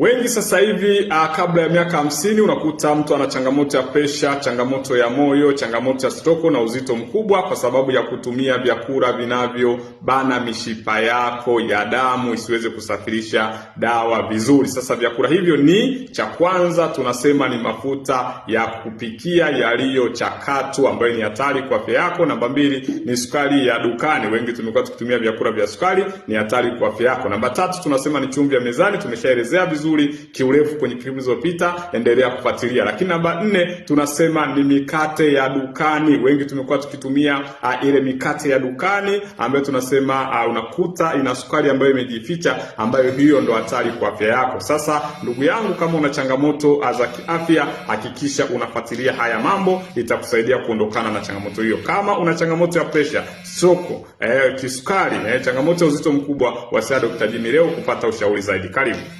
Wengi sasa hivi uh, kabla ya miaka hamsini unakuta mtu ana changamoto ya presha, changamoto ya moyo, changamoto ya stoko na uzito mkubwa, kwa sababu ya kutumia vyakula vinavyobana mishipa yako ya damu isiweze kusafirisha dawa vizuri. Sasa vyakula hivyo ni cha kwanza, tunasema ni mafuta ya kupikia yaliyochakatwa, ambayo ni hatari kwa afya yako. Namba mbili ni sukari ya dukani, wengi tumekuwa tukitumia vyakula vya sukari, ni hatari kwa afya yako. Namba tatu tunasema ni chumvi ya mezani, tumeshaelezea vizuri nzuri kiurefu kwenye clip zilizopita, endelea kufuatilia. Lakini namba nne tunasema ni mikate ya dukani. Wengi tumekuwa tukitumia uh, ile mikate ya dukani ambayo tunasema uh, unakuta ina sukari ambayo imejificha, ambayo hiyo ndo hatari kwa afya yako. Sasa ndugu yangu, kama una changamoto uh, za kiafya, hakikisha unafuatilia haya mambo, itakusaidia kuondokana na changamoto hiyo. Kama una changamoto ya presha, soko, eh, kisukari, eh, changamoto ya uzito mkubwa, wasia Dr. Jimmy leo kupata ushauri zaidi. Karibu.